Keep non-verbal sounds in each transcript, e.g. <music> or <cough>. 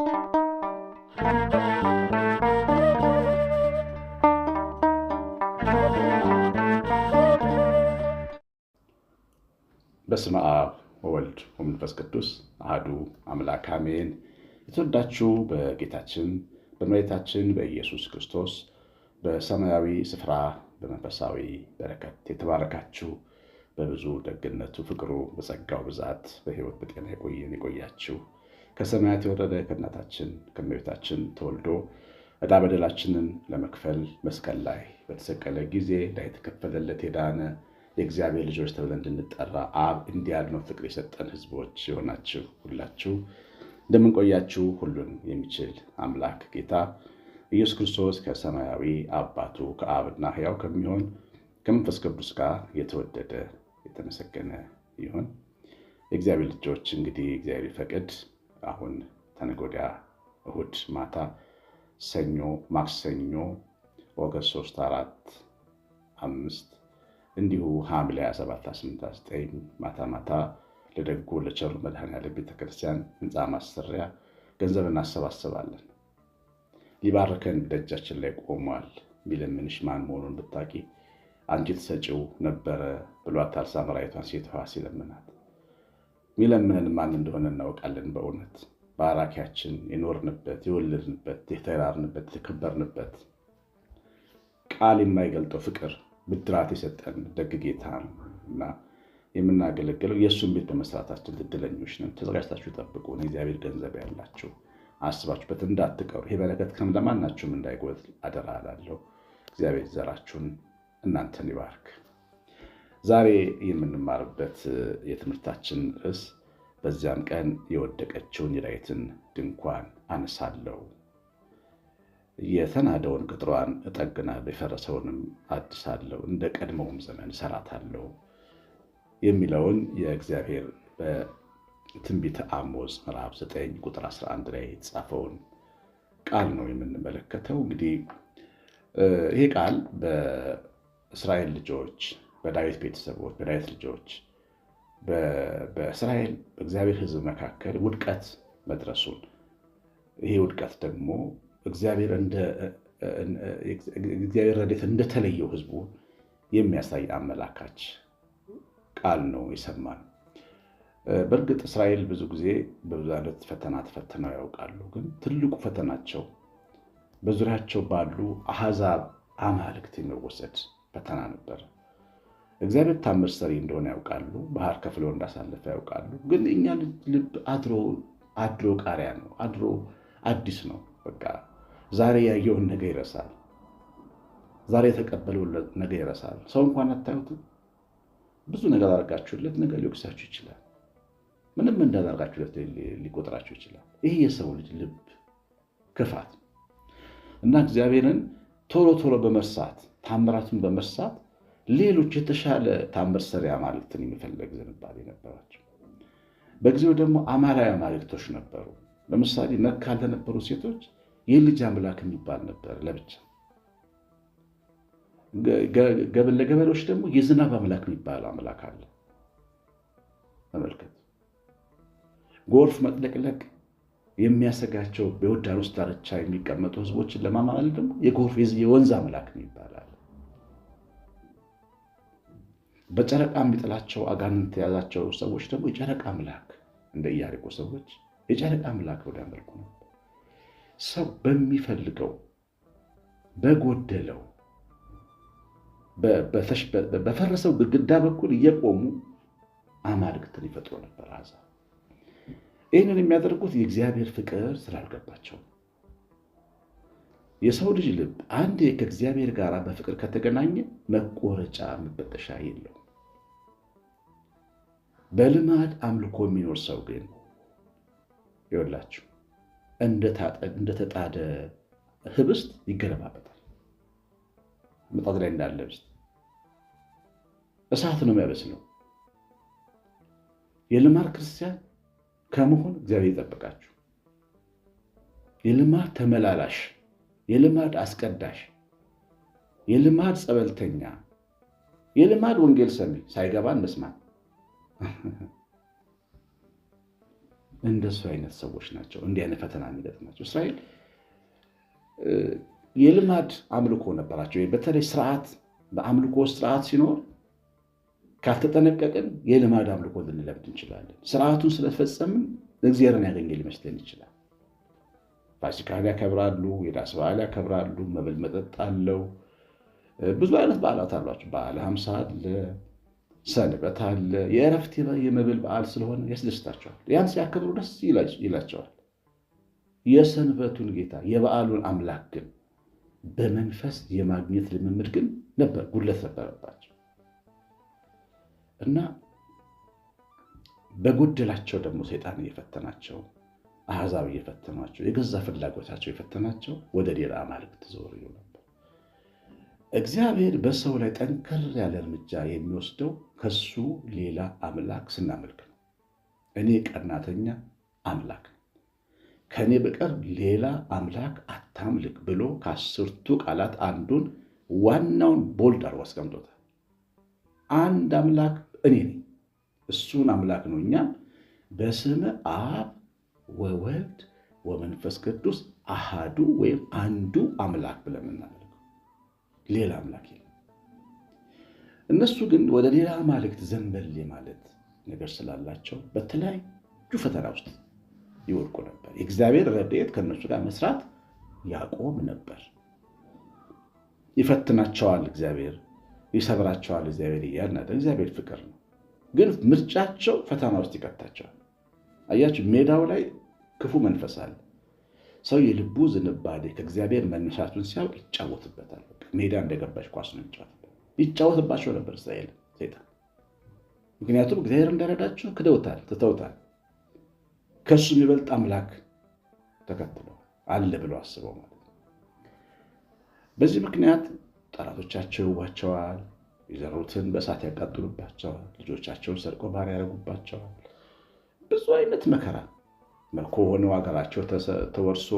በስመ አብ ወወልድ ወመንፈስ ቅዱስ አህዱ አምላክ አሜን። የተወዳችሁ በጌታችን በመሬታችን በኢየሱስ ክርስቶስ በሰማያዊ ስፍራ በመንፈሳዊ በረከት የተባረካችሁ በብዙ ደግነቱ፣ ፍቅሩ፣ በጸጋው ብዛት በሕይወት በጤና የቆየን የቆያችሁ ከሰማያት የወረደ ከእናታችን ከእመቤታችን ተወልዶ ዕዳ በደላችንን ለመክፈል መስቀል ላይ በተሰቀለ ጊዜ ላይ የተከፈለለት የዳነ የእግዚአብሔር ልጆች ተብለን እንድንጠራ አብ እንዲያድነው ፍቅር የሰጠን ሕዝቦች የሆናችሁ ሁላችሁ እንደምንቆያችሁ ሁሉን የሚችል አምላክ ጌታ ኢየሱስ ክርስቶስ ከሰማያዊ አባቱ ከአብና ሕያው ከሚሆን ከመንፈስ ቅዱስ ጋር የተወደደ የተመሰገነ ይሁን። የእግዚአብሔር ልጆች እንግዲህ እግዚአብሔር ፈቅድ አሁን ከነገ እሁድ ማታ ሰኞ፣ ማክሰኞ ኦገስት 3፣ 4፣ 5 እንዲሁ ሐምሌ 27፣ 28፣ 29 ማታ ማታ ለደጉ ለቸሩ መድኃኔዓለም ቤተክርስቲያን ህንፃ ማሰሪያ ገንዘብ እናሰባስባለን። ሊባርከን ደጃችን ላይ ቆሟል የሚለምንሽ ማን መሆኑን ብታቂ አንቺ ትሰጪው ነበረ ብሏታል ሳምራዊቷን ሴት ሲለምናት ሚለምንን ማን እንደሆነ እናውቃለን። በእውነት በአራኪያችን የኖርንበት የወለድንበት የተራርንበት የተከበርንበት ቃል የማይገልጠው ፍቅር ብድራት የሰጠን ደግ ጌታ እና የምናገለግለው የእሱን ቤት በመስራታችን እድለኞች ነን። ተዘጋጅታችሁ ጠብቁ። እግዚአብሔር ገንዘብ ያላችሁ አስባችሁበት እንዳትቀሩ። ይሄ በረከት ከም ለማናችሁም እንዳይጎድል አደራ እላለሁ። እግዚአብሔር ዘራችሁን እናንተን ይባርክ። ዛሬ የምንማርበት የትምህርታችን ርዕስ በዚያም ቀን የወደቀችውን የዳዊትን ድንኳን አነሳለሁ፣ የተናደውን ቅጥሯን እጠግናለሁ፣ የፈረሰውንም አድሳለሁ፣ እንደ ቀድሞውም ዘመን እሰራታለሁ የሚለውን የእግዚአብሔር በትንቢተ አሞጽ ምዕራፍ 9 ቁጥር 11 ላይ የተጻፈውን ቃል ነው የምንመለከተው። እንግዲህ ይህ ቃል በእስራኤል ልጆች በዳዊት ቤተሰቦች፣ በዳዊት ልጆች፣ በእስራኤል በእግዚአብሔር ሕዝብ መካከል ውድቀት መድረሱን ይሄ ውድቀት ደግሞ እግዚአብሔር ረድኤት እንደተለየው ሕዝቡ የሚያሳይ አመላካች ቃል ነው የሰማን። በእርግጥ እስራኤል ብዙ ጊዜ በብዙ አይነት ፈተና ተፈትነው ያውቃሉ። ግን ትልቁ ፈተናቸው በዙሪያቸው ባሉ አሕዛብ አማልክት የሚወሰድ ፈተና ነበር። እግዚአብሔር ታምር ሰሪ እንደሆነ ያውቃሉ። ባህር ከፍለው እንዳሳለፈ ያውቃሉ። ግን እኛ ልብ አድሮ አድሮ ቃሪያ ነው፣ አድሮ አዲስ ነው። በቃ ዛሬ ያየውን ነገ ይረሳል። ዛሬ የተቀበለውን ነገ ይረሳል። ሰው እንኳን አታዩትም። ብዙ ነገር አድርጋችሁለት ነገ ሊወቅሳችሁ ይችላል። ምንም እንዳላርጋችሁለት ሊቆጥራችሁ ይችላል። ይህ የሰው ልጅ ልብ ክፋት እና እግዚአብሔርን ቶሎ ቶሎ በመርሳት ታምራቱን በመርሳት ሌሎች የተሻለ ታምር ሰሪ አማልክትን የሚፈለግ ዝንባሌ ነበራቸው። በጊዜው ደግሞ አማላዊ አማልክቶች ነበሩ። ለምሳሌ መካ ለነበሩ ሴቶች የልጅ አምላክ የሚባል ነበር ለብቻ። ለገበሬዎች ደግሞ የዝናብ አምላክ የሚባል አምላክ አለ። ተመልከት። ጎርፍ መጥለቅለቅ የሚያሰጋቸው የዮርዳኖስ ዳርቻ የሚቀመጡ ህዝቦችን ለማማለል ደግሞ የጎርፍ የወንዝ አምላክ ይባላል። በጨረቃ የሚጥላቸው አጋንንት የያዛቸው ሰዎች ደግሞ የጨረቃ ምላክ እንደ ኢያሪኮ ሰዎች የጨረቃ ምላክ ወደ ያመልኩ ነው። ሰው በሚፈልገው በጎደለው በፈረሰው ግድግዳ በኩል እየቆሙ አማልክትን ይፈጥሮ ነበር አዛ ይህንን የሚያደርጉት የእግዚአብሔር ፍቅር ስላልገባቸው የሰው ልጅ ልብ አንድ ከእግዚአብሔር ጋር በፍቅር ከተገናኘ መቆረጫ መበጠሻ የለው። በልማድ አምልኮ የሚኖር ሰው ግን ይወላችሁ እንደተጣደ ህብስት ይገለባበጣል። ምጣድ ላይ እንዳለ ህብስት እሳት ነው የሚያበስለው። የልማድ ክርስቲያን ከመሆን እግዚአብሔር ይጠብቃችሁ። የልማድ ተመላላሽ፣ የልማድ አስቀዳሽ፣ የልማድ ጸበልተኛ፣ የልማድ ወንጌል ሰሚ ሳይገባን መስማት <laughs> እንደሱ አይነት ሰዎች ናቸው እንዲህ አይነት ፈተና የሚገጥማቸው። እስራኤል የልማድ አምልኮ ነበራቸው። በተለይ ስርዓት፣ በአምልኮ ስርዓት ሲኖር ካልተጠነቀቅን የልማድ አምልኮ ልንለምድ እንችላለን። ስርዓቱን ስለፈጸምን እግዚአብሔርን ያገኘ ሊመስለን ይችላል። ፋሲካን ያከብራሉ፣ የዳስ በዓል ያከብራሉ፣ መብል መጠጥ አለው። ብዙ አይነት በዓላት አሏቸው። በዓለ ሃምሳ አለ ሰንበት አለ፣ የእረፍት የመብል በዓል ስለሆነ ያስደስታቸዋል። ያን ሲያከብሩ ደስ ይላቸዋል። የሰንበቱን ጌታ የበዓሉን አምላክ ግን በመንፈስ የማግኘት ልምምድ ግን ነበር፣ ጉድለት ነበረባቸው እና በጎደላቸው ደግሞ ሰይጣን እየፈተናቸው አሕዛብ እየፈተናቸው የገዛ ፍላጎታቸው የፈተናቸው ወደ ሌላ አማልክት ዞር ይሆናል። እግዚአብሔር በሰው ላይ ጠንከር ያለ እርምጃ የሚወስደው ከሱ ሌላ አምላክ ስናመልክ ነው። እኔ ቀናተኛ አምላክ ነው፣ ከእኔ በቀር ሌላ አምላክ አታምልክ ብሎ ከአስርቱ ቃላት አንዱን ዋናውን ቦልድ አድርጎ አስቀምጦታል። አንድ አምላክ እኔ ነኝ፣ እሱን አምላክ ነው። እኛም በስመ አብ ወወልድ ወመንፈስ ቅዱስ አሃዱ ወይም አንዱ አምላክ ብለን ሌላ አምላክ የለም። እነሱ ግን ወደ ሌላ አማልክት ዘንበል ማለት ነገር ስላላቸው በተለያዩ ፈተና ውስጥ ይወድቁ ነበር። የእግዚአብሔር ረድኤት ከእነሱ ጋር መስራት ያቆም ነበር። ይፈትናቸዋል እግዚአብሔር፣ ይሰብራቸዋል እግዚአብሔር እያልን እግዚአብሔር ፍቅር ነው። ግን ምርጫቸው ፈተና ውስጥ ይከታቸዋል። አያችሁ፣ ሜዳው ላይ ክፉ መንፈስ አለ። ሰው የልቡ ዝንባሌ ከእግዚአብሔር መነሻቱን ሲያውቅ ይጫወትበታል። ሜዳ እንደገባች ኳስ ነው የሚጫወት። ይጫወትባቸው ነበር እስራኤል ሰይጣን። ምክንያቱም እግዚአብሔር እንዳረዳቸው ክደውታል፣ ትተውታል። ከእሱ የሚበልጥ አምላክ ተከትለው አለ ብሎ አስበው ማለት ነው። በዚህ ምክንያት ጠላቶቻቸው ይዋቸዋል፣ የዘሩትን በእሳት ያቃጥሉባቸዋል፣ ልጆቻቸውን ሰርቆ ባሪያ ያደርጉባቸዋል። ብዙ አይነት መከራ መልኮ ሆነው ሀገራቸው ተወርሶ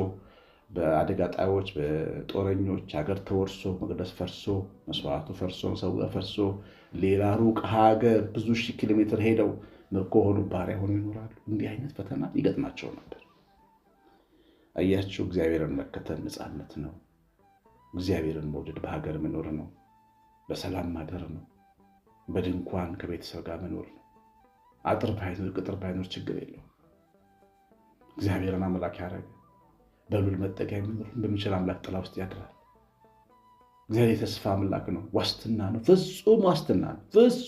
በአደጋ ጣዮች፣ በጦረኞች ሀገር ተወርሶ መቅደስ ፈርሶ መስዋዕቱ ፈርሶ ሰው ፈርሶ ሌላ ሩቅ ሀገር ብዙ ሺህ ኪሎ ሜትር ሄደው ምርኮ ሆኑ ባሪያ ሆኑ ይኖራሉ። እንዲህ አይነት ፈተና ይገጥማቸው ነበር። አያቸው። እግዚአብሔርን መከተል ነፃነት ነው። እግዚአብሔርን መውደድ በሀገር መኖር ነው። በሰላም ማደር ነው። በድንኳን ከቤተሰብ ጋር መኖር ነው። አጥር ባይኖር ቅጥር ባይኖር ችግር የለው እግዚአብሔርን አምላክ ያደረገ በሉል መጠጊያ በሚችል አምላክ ጥላ ውስጥ ያድራል። እግዚአብሔር የተስፋ አምላክ ነው። ዋስትና ነው። ፍጹም ዋስትና ነው።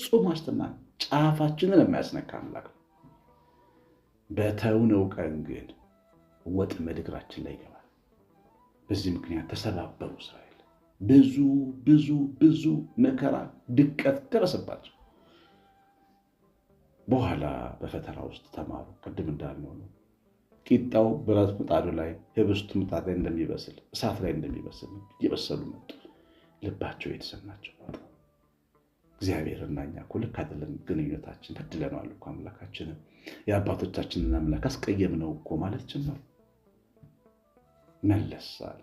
ፍጹም ዋስትና ነው። ጫፋችንን የማያስነካ አምላክ ነው። በተውነው ቀን ግን ወጥመድ እግራችን ላይ ይገባል። በዚህ ምክንያት ተሰባበሩ እስራኤል። ብዙ ብዙ ብዙ መከራ፣ ድቀት ደረሰባቸው። በኋላ በፈተና ውስጥ ተማሩ። ቅድም እንዳልነው ነው ቂጣው ብረት ምጣዱ ላይ ህብስቱ ምጣድ ላይ እንደሚበስል እሳት ላይ እንደሚበስል እየበሰሉ መጡ። ልባቸው የተሰማቸው እግዚአብሔርና እኛ እኮ ልክ አይደለም ግንኙነታችን፣ በድለነዋል እኮ አምላካችንን፣ የአባቶቻችንን አምላክ አስቀየምነው እኮ ማለት ጀመሩ። መለሳል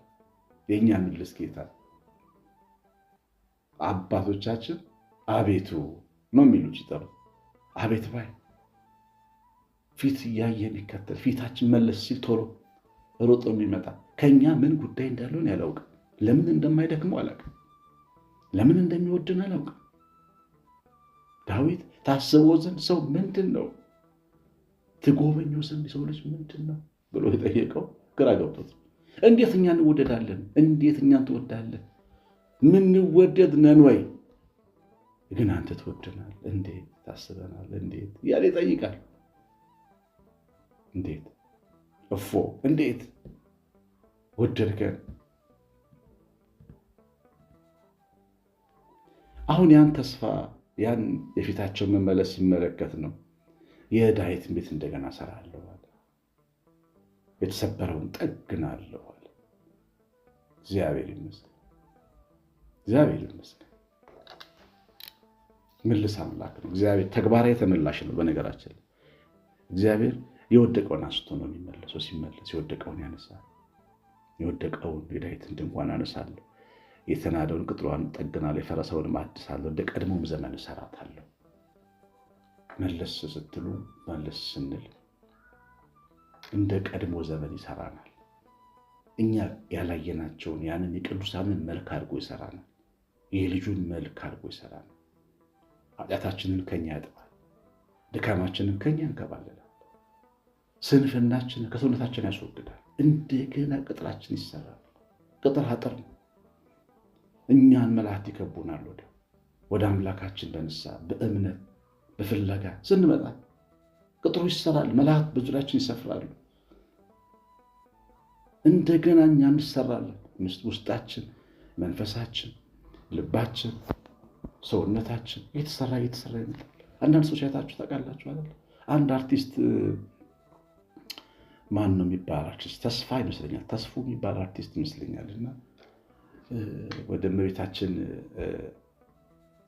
የእኛ ምልስ ጌታ አባቶቻችን አቤቱ ነው የሚሉት ሲጠሩ አቤት ባይ ፊት እያየ የሚከተል ፊታችን መለስ ሲል ቶሎ ሮጦ የሚመጣ ከኛ ምን ጉዳይ እንዳለውን ያላውቅም። ለምን እንደማይደክመው አላውቅም። ለምን እንደሚወድን አላውቅም። ዳዊት ታስቦ ዘንድ ሰው ምንድን ነው ትጎበኞ ዘንድ የሰው ልጅ ምንድን ነው ብሎ የጠየቀው ግራ ገብቶት፣ እንዴት እኛ እንወደዳለን? እንዴት እኛን ትወዳለን? ምንወደድ ነን ወይ? ግን አንተ ትወደናል እንዴት ታስበናል እንዴት ያለ ይጠይቃል። እንዴት እፎ እንዴት ወደድከን። አሁን ያን ተስፋ ያን የፊታቸውን መመለስ ሲመለከት ነው የዳዊትን ቤት እንደገና እሰራለሁ አለ። የተሰበረውን ጠግናለሁ አለ። እግዚአብሔር ይመስገን፣ እግዚአብሔር ይመስገን። ምልስ አምላክ ነው እግዚአብሔር። ተግባራዊ ተመላሽ ነው። በነገራችን እግዚአብሔር የወደቀውን አንስቶ ነው የሚመለሰው። ሲመለስ የወደቀውን ያነሳል። የወደቀውን የዳዊትን ድንኳን አነሳለሁ፣ የተናደውን ቅጥሯን ጠግናለ የፈረሰውንም አድሳለሁ፣ እንደ ቀድሞም ዘመን እሰራታለሁ። መለስ ስትሉ መለስ ስንል እንደ ቀድሞ ዘመን ይሰራናል። እኛ ያላየናቸውን ያንን የቅዱሳንን መልክ አድርጎ ይሰራናል። የልጁን መልክ አድርጎ ይሰራናል። ኃጢአታችንን ከኛ ያጥባል፣ ድካማችንን ከኛ እንከባለላል። ስንፍናችን ከሰውነታችን ያስወግዳል። እንደገና ቅጥራችን ይሰራል። ቅጥር አጥር ነው። እኛን መላእክት ይከቡናል። ወደ ወደ አምላካችን በንሳ በእምነት በፍለጋ ስንመጣ ቅጥሩ ይሰራል። መላእክት በዙሪያችን ይሰፍራሉ። እንደገና እኛ እንሰራለን። ውስጣችን፣ መንፈሳችን፣ ልባችን፣ ሰውነታችን እየተሰራ እየተሰራ ይመጣል። አንዳንድ ሰዎች አይታችሁ ታውቃላችሁ አይደል? አንድ አርቲስት ማን ነው የሚባል አርቲስት ተስፋ ይመስለኛል፣ ተስፉ የሚባል አርቲስት ይመስለኛል። እና ወደ እመቤታችን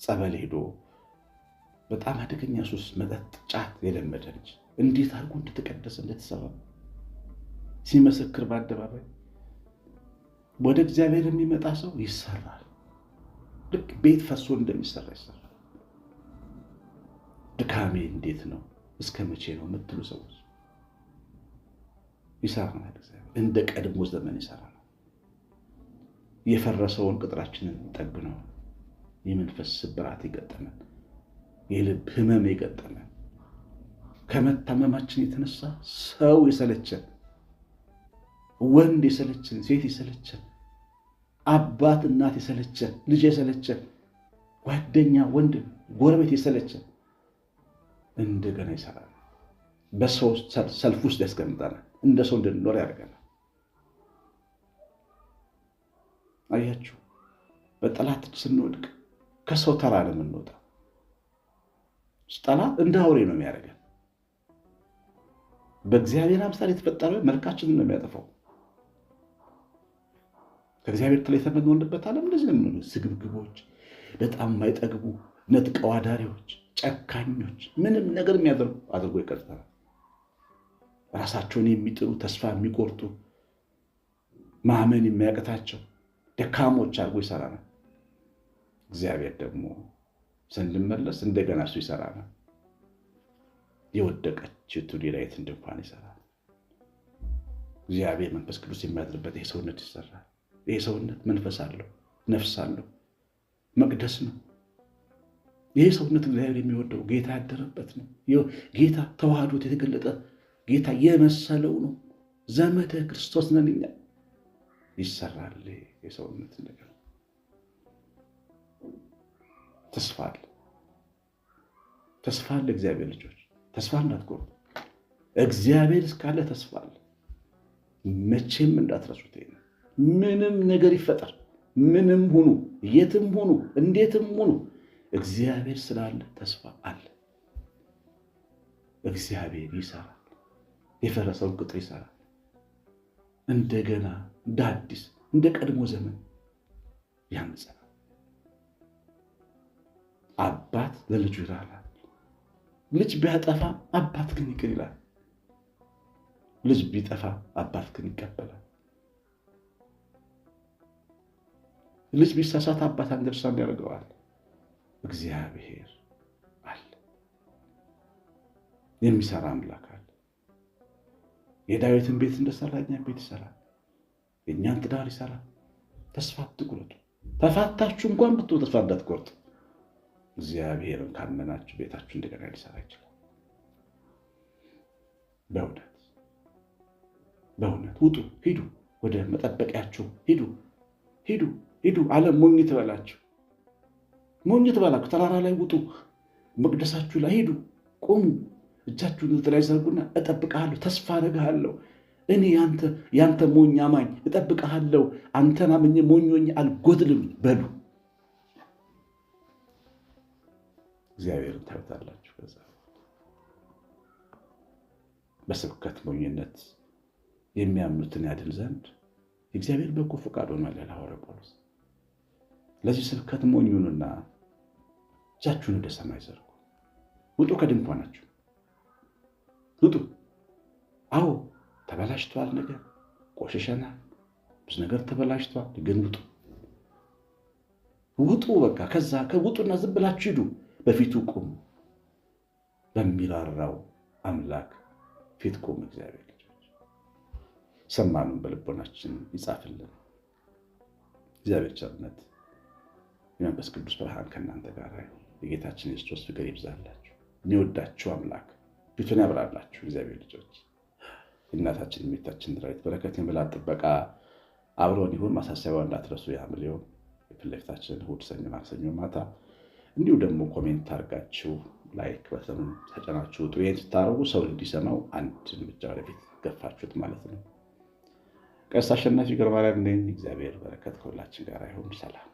ጸበል ሄዶ በጣም አደገኛ ሱስ መጠጥ፣ ጫት የለመደ ልጅ እንዴት አድርጎ እንደተቀደሰ እንደተሰባ ሲመሰክር በአደባባይ ወደ እግዚአብሔር የሚመጣ ሰው ይሰራል። ልክ ቤት ፈሶ እንደሚሰራ ይሰራል። ድካሜ እንዴት ነው እስከ መቼ ነው የምትሉ ሰዎች ይሰራናል። እንደ ቀድሞ ዘመን ይሰራል። የፈረሰውን ቅጥራችንን ጠግነው የመንፈስ ስብራት የገጠመን የልብ ህመም የገጠመን ከመታመማችን የተነሳ ሰው የሰለችን ወንድ የሰለችን፣ ሴት የሰለችን አባት እናት የሰለችን ልጅ የሰለችን ጓደኛ ወንድም፣ ጎረቤት የሰለችን እንደገና ይሰራል። በሰው ሰልፍ ውስጥ ያስቀምጠናል። እንደ ሰው እንድንኖር ያደርገናል። አያችሁ፣ በጠላት ስንወድቅ ከሰው ተራ ነው የምንወጣው። ጠላት እንደ አውሬ ነው የሚያደርገን። በእግዚአብሔር አምሳል የተፈጠረ መልካችንን ነው የሚያጠፋው። ከእግዚአብሔር ተለይ የተመንበት ዓለም እንደዚህ ነው የምንሆነው። በጣም የማይጠግቡ ነጥቀው አዳሪዎች፣ ጨካኞች፣ ምንም ነገር የሚያደርጉ አድርጎ ይቀጥታል። ራሳቸውን የሚጥሉ ተስፋ የሚቆርጡ ማመን የሚያቅታቸው ደካሞች አድርጎ ይሰራናል። እግዚአብሔር ደግሞ ስንድመለስ እንደገና እሱ ይሰራናል። የወደቀች ሌላይትን ድንኳን ይሰራል። እግዚአብሔር መንፈስ ቅዱስ የሚያድርበት ይህ ሰውነት ይሰራል። ይህ ሰውነት መንፈስ አለው፣ ነፍስ አለው፣ መቅደስ ነው። ይህ ሰውነት እግዚአብሔር የሚወደው ጌታ ያደረበት ነው። ጌታ ተዋህዶት የተገለጠ ጌታ የመሰለው ነው። ዘመደ ክርስቶስ ነን እኛ። ይሰራል የሰውነት ነገር ተስፋ አለ። ተስፋ አለ። እግዚአብሔር ልጆች ተስፋ እንዳትቆርጡ። እግዚአብሔር እስካለ ተስፋ አለ። መቼም እንዳትረሱት። ምንም ነገር ይፈጠር፣ ምንም ሁኑ፣ የትም ሁኑ፣ እንዴትም ሁኑ እግዚአብሔር ስላለ ተስፋ አለ። እግዚአብሔር ይሰራል። የፈረሰውን ቅጥር ይሰራል። እንደገና እንደ አዲስ እንደ ቀድሞ ዘመን ያንጸናል። አባት ለልጁ ይራራል። ልጅ ቢያጠፋ አባት ግን ይቅር ይላል። ልጅ ቢጠፋ አባት ግን ይቀበላል። ልጅ ቢሳሳት አባት አንደርሳም ያደርገዋል። እግዚአብሔር አለ፣ የሚሰራ አምላክ የዳዊትን ቤት እንደሰራ የእኛን ቤት ይሰራል። የእኛን ትዳር ይሰራል። ተስፋ አትቁረጡ። ተፋታችሁ እንኳን ብትሆን ተስፋ እንዳትቆርጡ። እግዚአብሔርን ካመናችሁ ቤታችሁ እንደገና ሊሰራ ይችላል። በእውነት በእውነት ውጡ፣ ሂዱ፣ ወደ መጠበቂያችሁ ሂዱ፣ ሂዱ፣ ሂዱ። ዓለም ሞኝ ትበላችሁ፣ ሞኝ ትበላችሁ። ተራራ ላይ ውጡ፣ መቅደሳችሁ ላይ ሂዱ፣ ቆሙ። እጃችሁን ላይ ዘርጉና እጠብቀሃለሁ፣ ተስፋ አደርግሃለሁ። እኔ ያንተ ሞኝ አማኝ እጠብቀሃለሁ፣ አንተን አምኜ ሞኞኝ አልጎድልም በሉ። እግዚአብሔርን ታዩታላችሁ። ከዛ በስብከት ሞኝነት የሚያምኑትን ያድን ዘንድ እግዚአብሔር በጎ ፈቃድ ሆኗል ያለ ሐዋርያው ጳውሎስ። ለዚህ ስብከት ሞኙንና እጃችሁን ወደ ሰማይ ዘርጉ፣ ውጡ ከድንኳናችሁ ውጡ። አዎ ተበላሽቷል፣ ነገር ቆሸሸናል፣ ብዙ ነገር ተበላሽቷል፣ ግን ውጡ ውጡ በቃ ከዛ ከውጡና ዝም ብላችሁ ሂዱ፣ በፊቱ ቁሙ። በሚራራው አምላክ ፊት ቁሙ። እግዚአብሔር ልጆች ሰማኑን በልቦናችን ይጻፍልን። እግዚአብሔር ቸርነት፣ የመንፈስ ቅዱስ ብርሃን ከእናንተ ጋር፣ የጌታችን የክርስቶስ ፍቅር ይብዛላችሁ። እኔ ወዳችሁ አምላክ ፊቱን ያብራላችሁ እግዚአብሔር ልጆች እናታችን የሚታችን ድራዊት በረከት የምላ ጥበቃ አብሮን ይሁን። ማሳሰቢያው እንዳትረሱ የሐምሌው የፊት ለፊታችን እሑድ፣ ሰኞ፣ ማክሰኞ ማታ እንዲሁ ደግሞ ኮሜንት አድርጋችሁ ላይክ በተኑ ተጨናችሁ ጥሬን ስታደርጉ ሰው እንዲሰማው አንድ ብቻ ወደፊት ገፋችሁት ማለት ነው። ቀሲስ አሸናፊ ገብረማርያም ነኝ። እግዚአብሔር በረከት ከሁላችን ጋር ይሁን። ሰላም